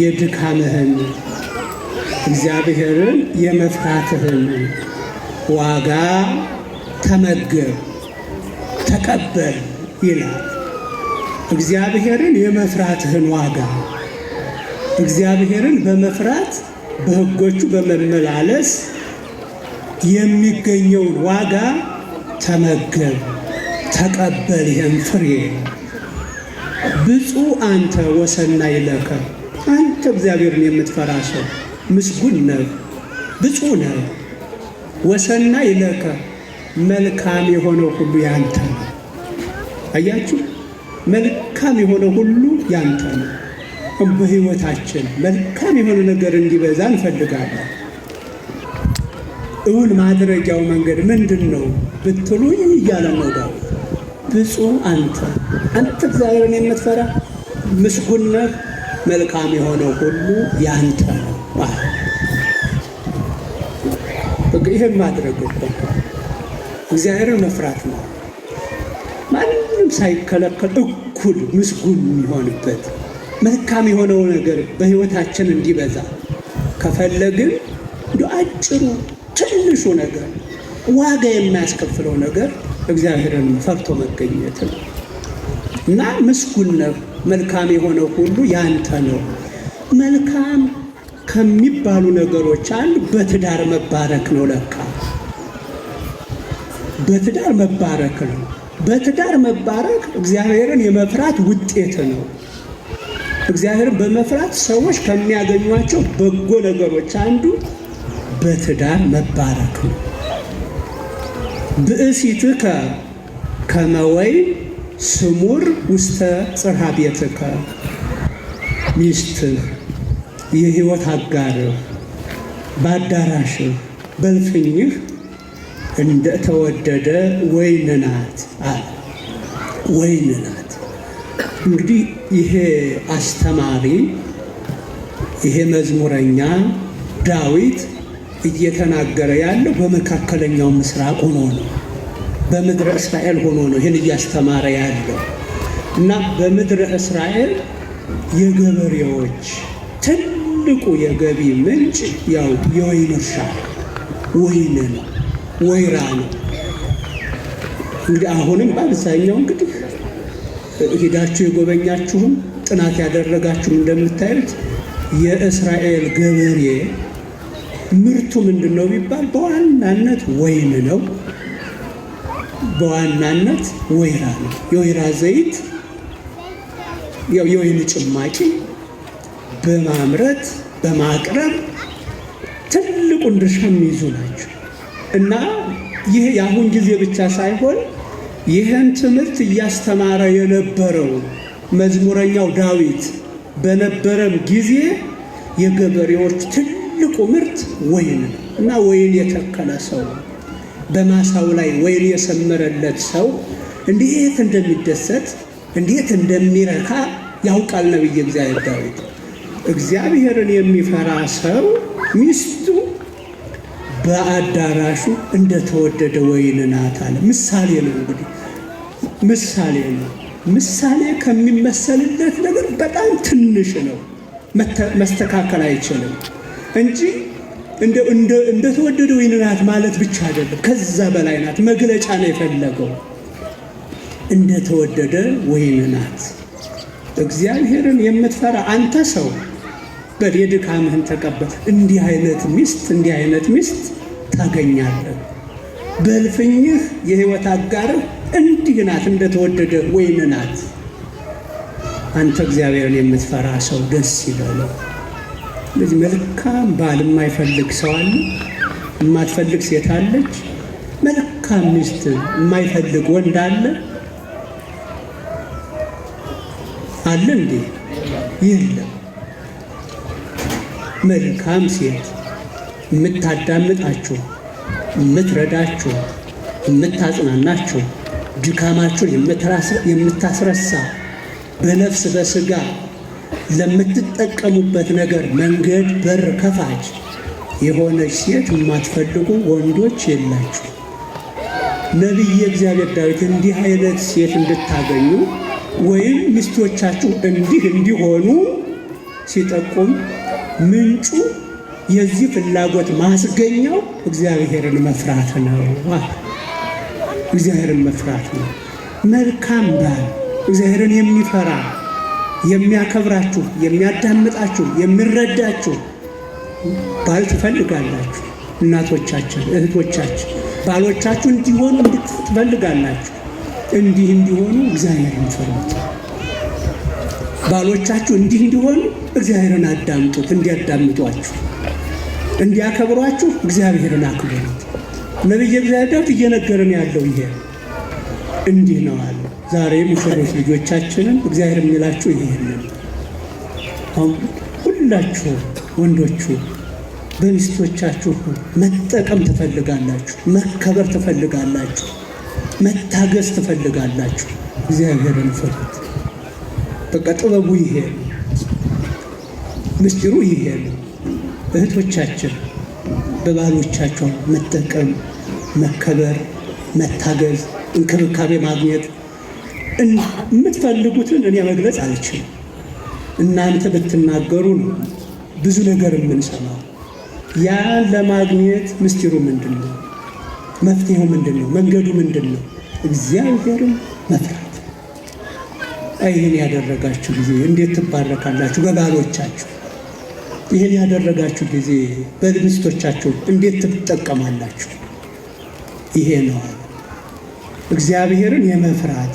የድካምህን እግዚአብሔርን የመፍራትህን ዋጋ ተመገብ፣ ተቀበል ይላል። እግዚአብሔርን የመፍራትህን ዋጋ እግዚአብሔርን በመፍራት በሕጎቹ በመመላለስ የሚገኘውን ዋጋ ተመገብ፣ ተቀበል ይህን ፍሬ ብፁዕ አንተ ወሰናይ ለከ፣ አንተ እግዚአብሔርን የምትፈራ ሰው ምስጉን ነው፣ ብፁዕ ነው። ወሰናይ ለከ፣ መልካም የሆነው ሁሉ ያንተ ነው። አያችሁ፣ መልካም የሆነው ሁሉ ያንተ ነው። በሕይወታችን መልካም የሆነ ነገር እንዲበዛ እንፈልጋለን። እውን ማድረጊያው መንገድ ምንድን ነው ብትሉ ይህ እያለ ነው ዳዊት ብፁዕ አንተ አንተ እግዚአብሔርን የምትፈራ ምስጉን ነህ፣ መልካም የሆነው ሁሉ ያንተ ነው። ይህም ማድረግ እኮ እግዚአብሔርን መፍራት ነው። ማንም ሳይከለከል እኩል ምስጉን የሚሆንበት መልካም የሆነው ነገር በህይወታችን እንዲበዛ ከፈለግን እንደ አጭሩ ትንሹ ነገር ዋጋ የማያስከፍለው ነገር እግዚአብሔርን ፈርቶ መገኘት ነው እና ምስጉን ነው። መልካም የሆነው ሁሉ ያንተ ነው። መልካም ከሚባሉ ነገሮች አንድ በትዳር መባረክ ነው። ለካ በትዳር መባረክ ነው። በትዳር መባረክ እግዚአብሔርን የመፍራት ውጤት ነው። እግዚአብሔርን በመፍራት ሰዎች ከሚያገኟቸው በጎ ነገሮች አንዱ በትዳር መባረክ ነው። ብእሲትከ ከመወይ ስሙር ውስተ ጽርሃ ቤትከ ሚስትህ የህይወት አጋርህ በአዳራሽህ በልፍኝህ እንደተወደደ ወይን ናት አለ። ወይን ናት እንግዲህ ይሄ አስተማሪ ይሄ መዝሙረኛ ዳዊት እየተናገረ ያለው በመካከለኛው ምስራቅ ሆኖ ነው፣ በምድረ እስራኤል ሆኖ ነው ይህን እያስተማረ ያለው እና በምድረ እስራኤል የገበሬዎች ትልቁ የገቢ ምንጭ ያው የወይን እርሻ ወይን ነው፣ ወይራ ነው። እንግዲህ አሁንም በአብዛኛው እንግዲህ ሄዳችሁ የጎበኛችሁም ጥናት ያደረጋችሁም እንደምታዩት የእስራኤል ገበሬ ምርቱ ምንድን ነው ቢባል በዋናነት ወይን ነው። በዋናነት ወይራ ነው። የወይራ ዘይት የወይን ጭማቂ በማምረት በማቅረብ ትልቁን ድርሻ የሚይዙ ናቸው እና ይህ የአሁን ጊዜ ብቻ ሳይሆን ይህን ትምህርት እያስተማረ የነበረው መዝሙረኛው ዳዊት በነበረም ጊዜ የገበሬዎች ትል ትልቁ ምርት ወይን እና ወይን የተከለ ሰው በማሳው ላይ ወይን የሰመረለት ሰው እንዴት እንደሚደሰት እንዴት እንደሚረካ ያውቃል ነብየ እግዚአብሔር ዳዊት። እግዚአብሔርን የሚፈራ ሰው ሚስቱ በአዳራሹ እንደተወደደ ወይን ናት አለ። ምሳሌ ነው እንግዲህ ምሳሌ ነው። ምሳሌ ከሚመሰልለት ነገር በጣም ትንሽ ነው። መስተካከል አይችልም። እንጂ እንደተወደደ ወይን ናት ማለት ብቻ አይደለም፣ ከዛ በላይ ናት። መግለጫ ነው የፈለገው። እንደተወደደ ወይን ናት። እግዚአብሔርን የምትፈራ አንተ ሰው በል የድካምህን ተቀበል። እንዲህ አይነት ሚስት እንዲህ አይነት ሚስት ታገኛለህ። በልፍኝህ የህይወት አጋርህ እንዲህ ናት፣ እንደተወደደ ወይን ናት። አንተ እግዚአብሔርን የምትፈራ ሰው ደስ ይበለው። ስለዚህ መልካም ባል የማይፈልግ ሰው አለ፣ የማትፈልግ ሴት አለች። መልካም ሚስት የማይፈልግ ወንድ አለ አለ እንዴ? የለም። መልካም ሴት የምታዳምጣችሁ፣ የምትረዳችሁ፣ የምታጽናናችሁ፣ ድካማችሁን የምታስረሳ በነፍስ በስጋ ለምትጠቀሙበት ነገር መንገድ በር ከፋች የሆነች ሴት የማትፈልጉ ወንዶች የላችሁ። ነቢየ እግዚአብሔር ዳዊት እንዲህ አይነት ሴት እንድታገኙ ወይም ሚስቶቻችሁ እንዲህ እንዲሆኑ ሲጠቁም ምንጩ የዚህ ፍላጎት ማስገኛው እግዚአብሔርን መፍራት ነው። እግዚአብሔርን መፍራት ነው። መልካም ባል እግዚአብሔርን የሚፈራ የሚያከብራችሁ፣ የሚያዳምጣችሁ፣ የሚረዳችሁ ባል ትፈልጋላችሁ። እናቶቻችን፣ እህቶቻችን ባሎቻችሁ እንዲሆኑ ትፈልጋላችሁ። እንዲህ እንዲሆኑ እግዚአብሔርን ፈሩት። ባሎቻችሁ እንዲህ እንዲሆኑ እግዚአብሔርን አዳምጡት። እንዲያዳምጧችሁ፣ እንዲያከብሯችሁ እግዚአብሔርን አክብሩት። ነቢየ እግዚአብሔር እየነገርን ያለው ይሄ እንዲህ ነው አለ። ዛሬ ሙሽሮች ልጆቻችንን እግዚአብሔር የሚላችሁ ይሄንን ሁላችሁ ወንዶቹ በሚስቶቻችሁ መጠቀም ትፈልጋላችሁ፣ መከበር ትፈልጋላችሁ፣ መታገስ ትፈልጋላችሁ። እግዚአብሔርን ፍሩት። በቃ ጥበቡ ይሄ ምስጢሩ ይሄ እህቶቻችን በባሎቻቸው መጠቀም፣ መከበር፣ መታገዝ፣ እንክብካቤ ማግኘት የምትፈልጉትን እኔ መግለጽ አልችልም። እናንተ ብትናገሩ ነው ብዙ ነገር የምንሰማው። ያን ለማግኘት ምስጢሩ ምንድን ነው? መፍትሄው ምንድን ነው? መንገዱ ምንድን ነው? እግዚአብሔርን መፍራት። ይህን ያደረጋችሁ ጊዜ እንዴት ትባረካላችሁ በባሎቻችሁ። ይህን ያደረጋችሁ ጊዜ በሚስቶቻችሁ እንዴት ትጠቀማላችሁ? ይሄ ነው እግዚአብሔርን የመፍራት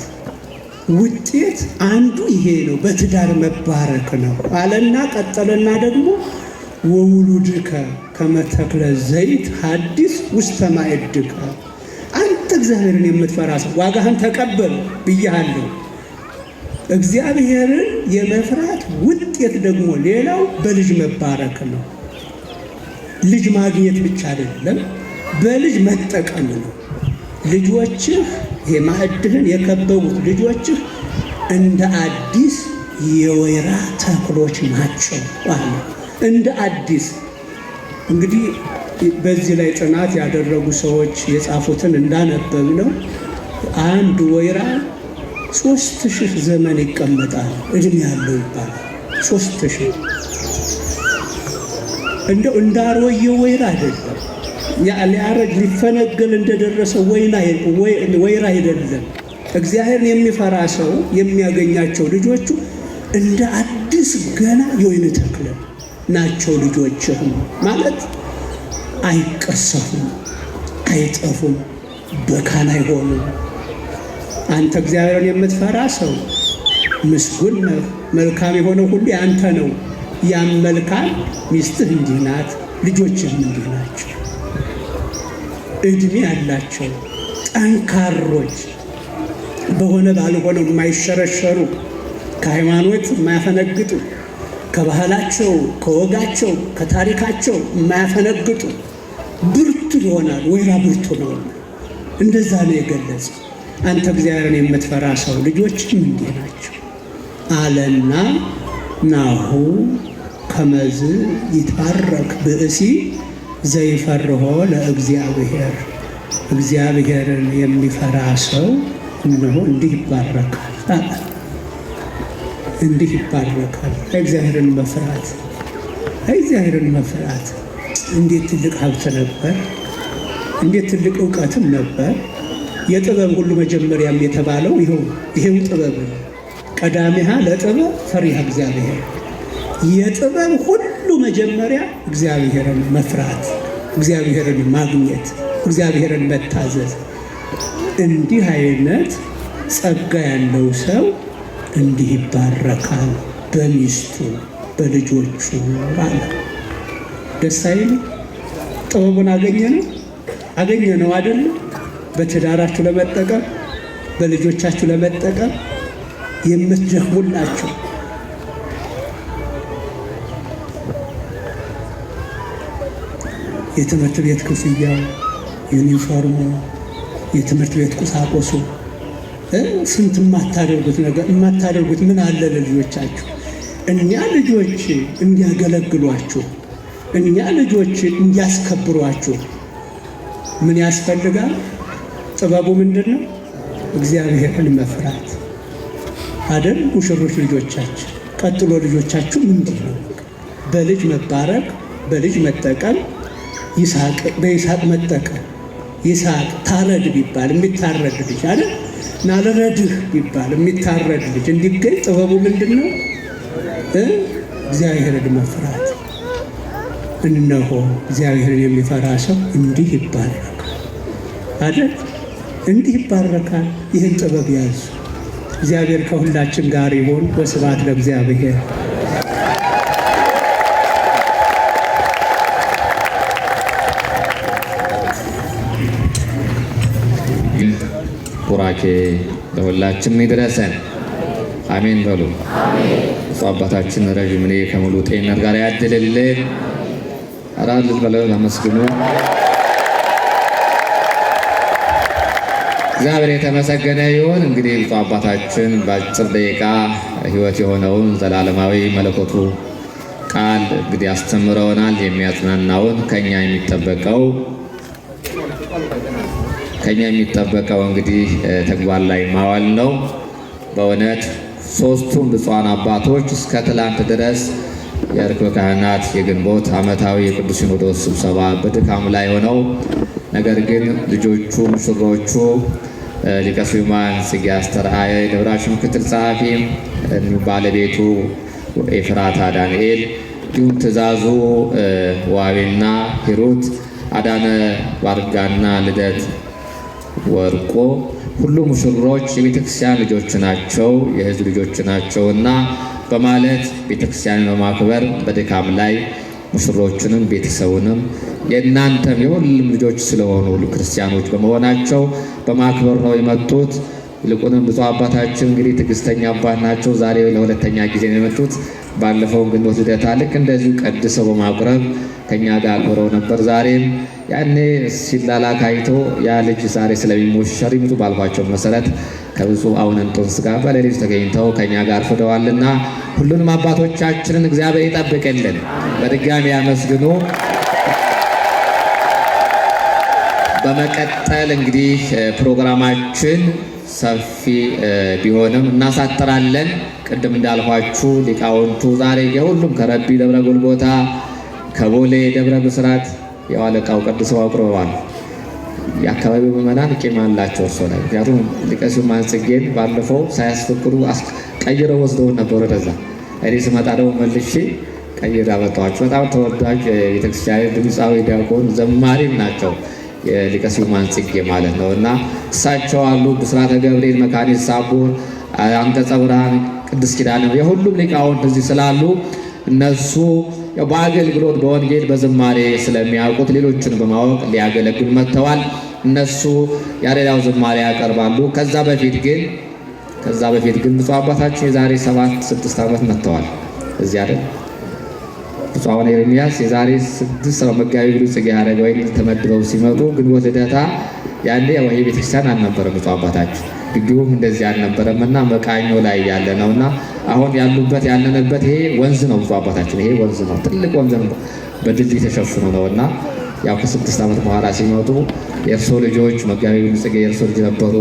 ውጤት አንዱ ይሄ ነው፣ በትዳር መባረክ ነው አለና ቀጠለና ደግሞ ወውሉድከ ከመተክለ ዘይት ሐዲስ ውስተ ማዕድከ አንተ እግዚአብሔርን የምትፈራ ሰው ዋጋህን ተቀበል ብያሃለሁ። እግዚአብሔርን የመፍራት ውጤት ደግሞ ሌላው በልጅ መባረክ ነው። ልጅ ማግኘት ብቻ አይደለም፣ በልጅ መጠቀም ነው። ልጆችህ የማዕድህን የከበቡት ልጆችህ እንደ አዲስ የወይራ ተክሎች ናቸው አለ። እንደ አዲስ እንግዲህ በዚህ ላይ ጥናት ያደረጉ ሰዎች የጻፉትን እንዳነበብ ነው። አንድ ወይራ ሶስት ሺህ ዘመን ይቀመጣል እድሜ ያለው ይባላል። ሶስት ሺህ እንደው እንዳሮየ ወይራ አይደለም ሊያረጅ ሊፈነገል እንደደረሰ ወይራ አይደለም። እግዚአብሔርን የሚፈራ ሰው የሚያገኛቸው ልጆቹ እንደ አዲስ ገና የወይን ተክለ ናቸው። ልጆችህም ማለት አይቀሰፉም፣ አይጠፉም፣ በካን አይሆኑም። አንተ እግዚአብሔርን የምትፈራ ሰው ምስጉን ነህ። መልካም የሆነው ሁሉ ያንተ ነው። ያም መልካም ሚስትህ እንዲህ ናት፣ ልጆችህም እንዲህ ናቸው። እድሜ ያላቸው ጠንካሮች፣ በሆነ ባልሆነው የማይሸረሸሩ ከሃይማኖት የማያፈነግጡ ከባህላቸው፣ ከወጋቸው፣ ከታሪካቸው የማያፈነግጡ ብርቱ ይሆናል። ወይራ ብርቱ ነው። እንደዛ ነው የገለጸ። አንተ እግዚአብሔርን የምትፈራ ሰው ልጆች እንዲህ ናቸው አለና ናሁ ከመዝ ይታረክ ብእሲ ዘይፈርሆ ለእግዚአብሔር እግዚአብሔርን የሚፈራ ሰው እነሆ እንዲህ ይባረካል አለ። እንዲህ ይባረካል። እግዚአብሔርን መፍራት እግዚአብሔርን መፍራት እንዴት ትልቅ ሀብት ነበር! እንዴት ትልቅ እውቀትም ነበር! የጥበብ ሁሉ መጀመሪያም የተባለው ይኸው ይሄው ጥበብ ነው። ቀዳሚሃ ለጥበብ ፈሪሃ እግዚአብሔር የጥበብ መጀመሪያ እግዚአብሔርን መፍራት፣ እግዚአብሔርን ማግኘት፣ እግዚአብሔርን መታዘዝ። እንዲህ አይነት ጸጋ ያለው ሰው እንዲህ ይባረካል በሚስቱ በልጆቹ አለ። ደስ አይልም? ጥበቡን አገኘ ነው አገኘ ነው አይደለ? በትዳራችሁ ለመጠቀም በልጆቻችሁ ለመጠቀም የምትደክሙላችሁ የትምህርት ቤት ክፍያ ዩኒፎርሙ፣ የትምህርት ቤት ቁሳቁሱ ስንት የማታደርጉት ነገር የማታደርጉት ምን አለ ለልጆቻችሁ? እኛ ልጆች እንዲያገለግሏችሁ፣ እኛ ልጆች እንዲያስከብሯችሁ ምን ያስፈልጋል? ጥበቡ ምንድን ነው? እግዚአብሔርን መፍራት አደል? ሙሽሮች ልጆቻችን፣ ቀጥሎ ልጆቻችሁ ምንድን ነው? በልጅ መባረቅ፣ በልጅ መጠቀም ይስሐቅ በይስሐቅ መጠቀ ይስሐቅ ታረድ ቢባል የሚታረድ ልጅ አለ እና ቢባል የሚታረድ ልጅ እንዲገኝ ጥበቡ ምንድን ነው? እግዚአብሔርን መፍራት። እነሆ እግዚአብሔርን የሚፈራ ሰው እንዲህ ይባረካል አይደል? እንዲህ ይባረካል። ይህን ጥበብ ያዙ። እግዚአብሔር ከሁላችን ጋር ይሆን። ወስብሐት ለእግዚአብሔር። ለሁላችን ይድረሰን። አሜን በሉ። ብፁዕ አባታችን ረዥም ዕድሜ ከሙሉ ጤንነት ጋር ያድልልን። አራት ልጅ በለው አመስግኑ። እግዚአብሔር የተመሰገነ ይሁን። እንግዲህ ብፁዕ አባታችን በአጭር ደቂቃ ሕይወት የሆነውን ዘላለማዊ መለኮቱ ቃል እንግዲህ አስተምረውናል። የሚያጽናናውን ከኛ የሚጠበቀው ከኛ የሚጠበቀው እንግዲህ ተግባር ላይ ማዋል ነው። በእውነት ሶስቱም ብፁዓን አባቶች እስከ ትላንት ድረስ የርክበ ካህናት የግንቦት ዓመታዊ የቅዱስ ሲኖዶስ ስብሰባ በድካም ላይ ሆነው ነገር ግን ልጆቹ ሙሽሮቹ ሊቀ ሱማን ጽጌ አስተርአየ ደብራሽ ምክትል ጸሐፊ ባለቤቱ ኤፍራታ ዳንኤል እንዲሁም ትእዛዙ ዋቤና ሂሩት አዳነ ባርጋና ልደት ወርቆ ሁሉ ሙሽሮች የቤተክርስቲያን ልጆች ናቸው፣ የህዝብ ልጆች እና በማለት ቤተክርስቲያንን በማክበር በድካም ላይ ሙሽሮቹንም ቤተሰቡንም የእናንተም የሁሉም ልጆች ስለሆኑ ክርስቲያኖች በመሆናቸው በማክበር ነው የመጡት። ይልቁንም ብፁዕ አባታችን እንግዲህ ትዕግስተኛ አባት ናቸው። ዛሬ ለሁለተኛ ጊዜ ነው የመጡት። ባለፈው ግንቦት ልደታ ልክ እንደዚሁ ቀድሰው በማቁረብ ከኛ ጋር አክብረው ነበር። ዛሬም ያኔ ሲላላ አይቶ ያ ልጅ ዛሬ ስለሚሞሸር ይምጡ ባልኳቸው መሰረት ከብፁዕ አቡነ እንጦንስ ጋር በሌሊት ተገኝተው ከኛ ጋር አርፍደዋልና ሁሉንም አባቶቻችንን እግዚአብሔር ይጠብቅልን። በድጋሚ ያመስግኑ። በመቀጠል እንግዲህ ፕሮግራማችን ሰፊ ቢሆንም እናሳጥራለን። ቅድም እንዳልኋችሁ ሊቃውንቱ ዛሬ የሁሉም ከረቢ ደብረ ጎልጎታ ከቦሌ ደብረ ብስራት የዋለቃው ቅዱስ ቀድሰው አቅርበዋል። የአካባቢው ምዕመናን ቂም አላቸው እርሶ ላይ ምክንያቱም ሊቀ ስዩማን ጽጌን ባለፈው ሳያስፈቅዱ ቀይረው ወስደውን ነበረ። ወደዛ እኔ ስመጣ ደግሞ መልሼ ቀይር አመጣኋቸው። በጣም ተወዳጅ የቤተክርስቲያን ድምፃዊ፣ ዲያቆን፣ ዘማሪም ናቸው። ሊቀ ስዩማን ጽጌ ማለት ነው እና እሳቸው አሉ። ብስራተ ገብርኤል መካኒስ ሳቡር፣ አንቀጸ ብርሃን፣ ቅዱስ ኪዳን የሁሉም ሊቃውንት እዚህ ስላሉ እነሱ በአገልግሎት በወንጌል በዝማሬ ስለሚያውቁት ሌሎችን በማወቅ ሊያገለግሉ መጥተዋል። እነሱ ያሬዳው ዝማሬ ያቀርባሉ። ከዛ በፊት ግን ከዛ በፊት ግን ብፁዕ አባታችን የዛሬ ሰባት ስድስት ዓመት መጥተዋል እዚህ አይደል? ብፁዕ አቡነ ኤርምያስ የዛሬ ስድስት ሰው መጋቢ ብሉዕ ጽጌ አረጋዊ ተመድበው ሲመጡ ግንቦት ልደታ ያኔ ወይ ቤተክርስቲያን አልነበረም። ብፁዕ አባታችን ግቢውም እንደዚህ አልነበረም እና መቃኞ ላይ ያለ ነው እና አሁን ያሉበት ያለንበት ይሄ ወንዝ ነው። ብፁዕ አባታችን ይሄ ወንዝ ነው፣ ትልቅ ወንዝ ነው፣ በድልድይ ተሸፍኖ ነው እና ያው ከስድስት ዓመት በኋላ ሲመጡ የእርሶ ልጆች መጋቢ ብሉዕ ጽጌ የእርሶ ልጅ ነበሩ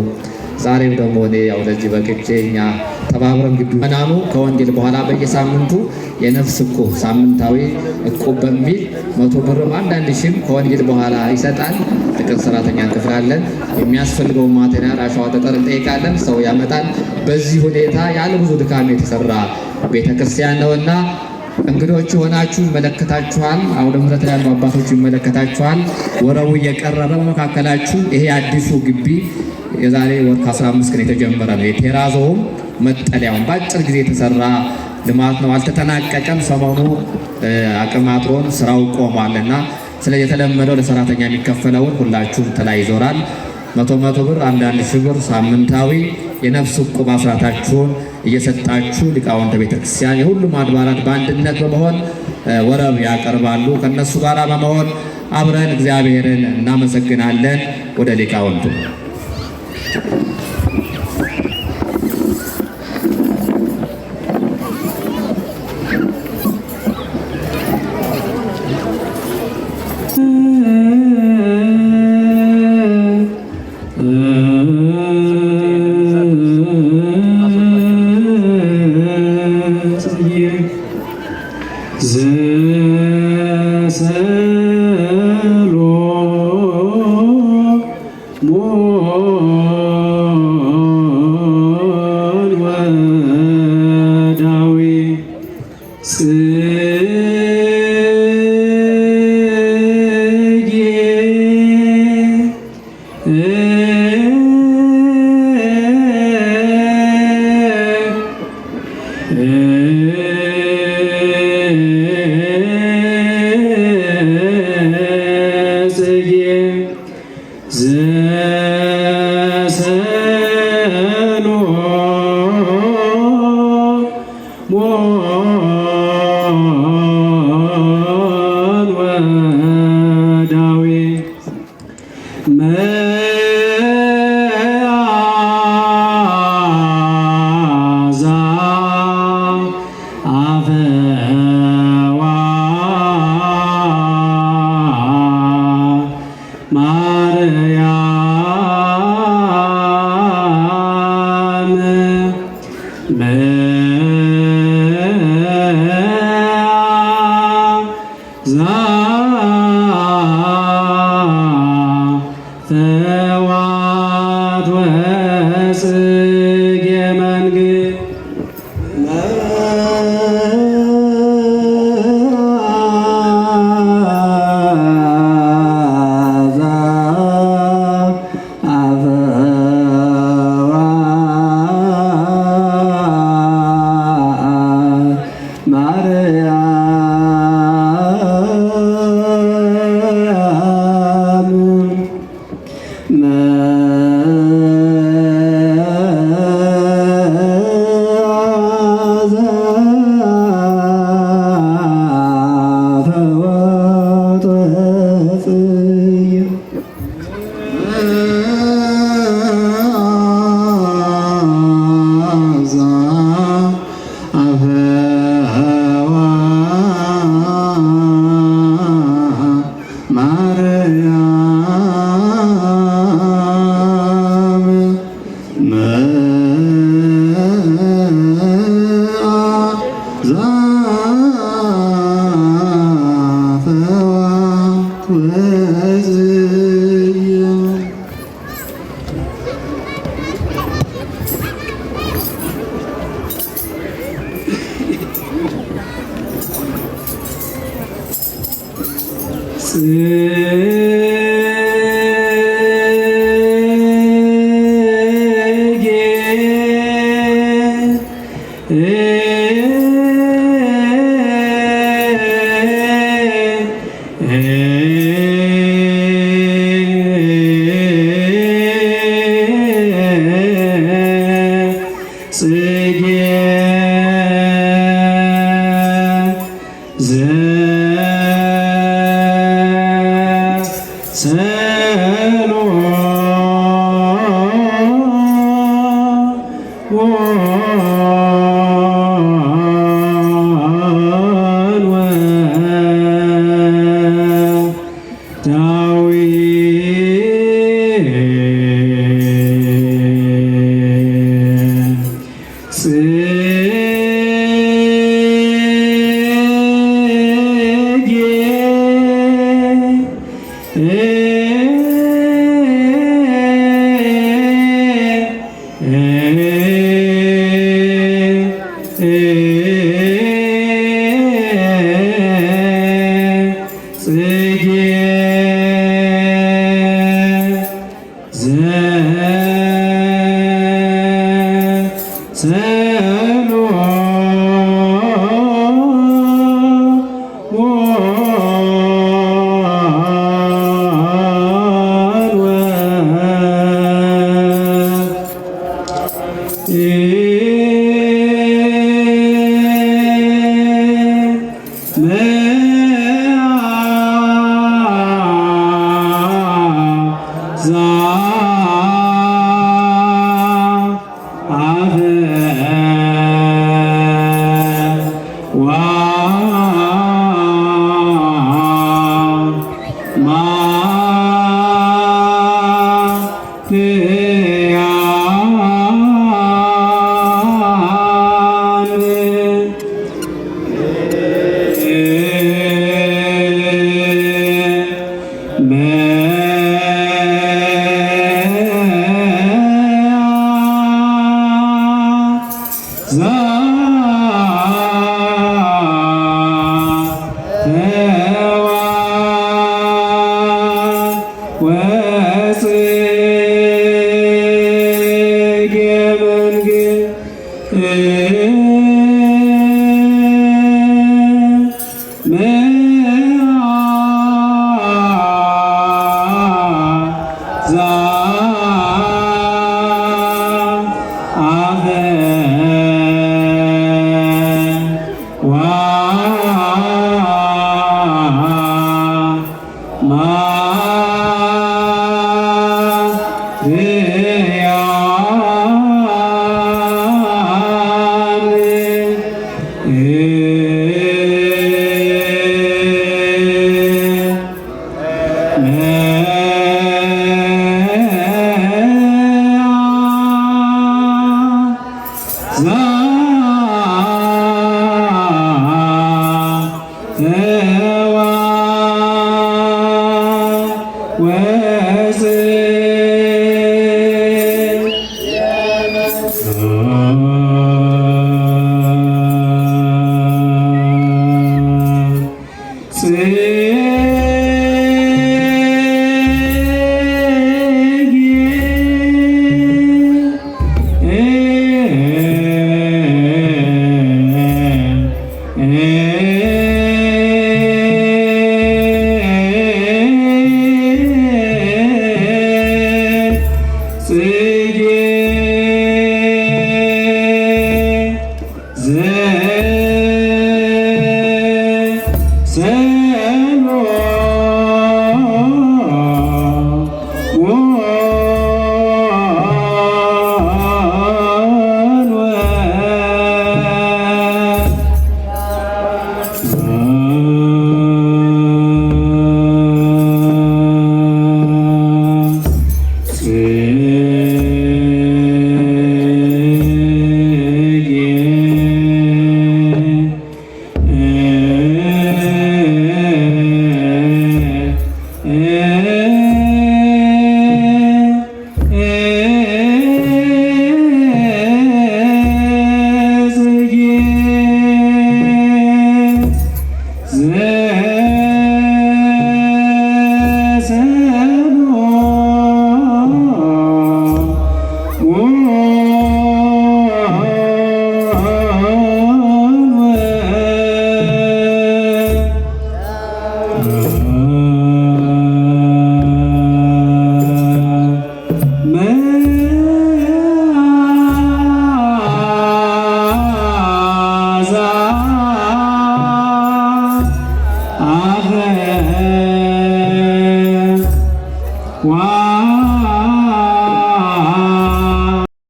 ዛሬም ደግሞ እኔ ያው ለዚህ በቅቼ እኛ ተባብረን ግቢ መናኑ ከወንጌል በኋላ በየሳምንቱ የነፍስ እቁብ ሳምንታዊ እቁ በሚል መቶ ብርም አንዳንድ ሺህም ከወንጌል በኋላ ይሰጣል። ጥቅር ሰራተኛ እንከፍላለን። የሚያስፈልገውን ማቴሪያል አሸዋ፣ ጠጠር እንጠይቃለን። ሰው ያመጣል። በዚህ ሁኔታ ያለ ብዙ ድካም የተሰራ ቤተክርስቲያን ነው እና እንግዶች የሆናችሁ ይመለከታችኋል። አውደ ምሕረት ላይ ያሉ አባቶች ይመለከታችኋል። ወረቡ እየቀረበ መካከላችሁ ይሄ አዲሱ ግቢ የዛሬ ወር ከ15 ቀን የተጀመረ ነው። የቴራዞውም መጠለያውን በአጭር ጊዜ የተሰራ ልማት ነው። አልተጠናቀቀም። ሰሞኑ አቅማጥሮን ስራው ቆሟልና ስለዚህ የተለመደው ለሰራተኛ የሚከፈለውን ሁላችሁም ተላይ ይዞራል። መቶ መቶ ብር አንዳንድ ሺህ ብር ሳምንታዊ የነፍስ ዕቁብ አስራታችሁን እየሰጣችሁ ሊቃውንተ ቤተክርስቲያን የሁሉም አድባራት በአንድነት በመሆን ወረብ ያቀርባሉ። ከነሱ ጋር በመሆን አብረን እግዚአብሔርን እናመሰግናለን። ወደ ሊቃውንቱ Mm. Amen. mm-hmm. ስ man. Mm. ねえ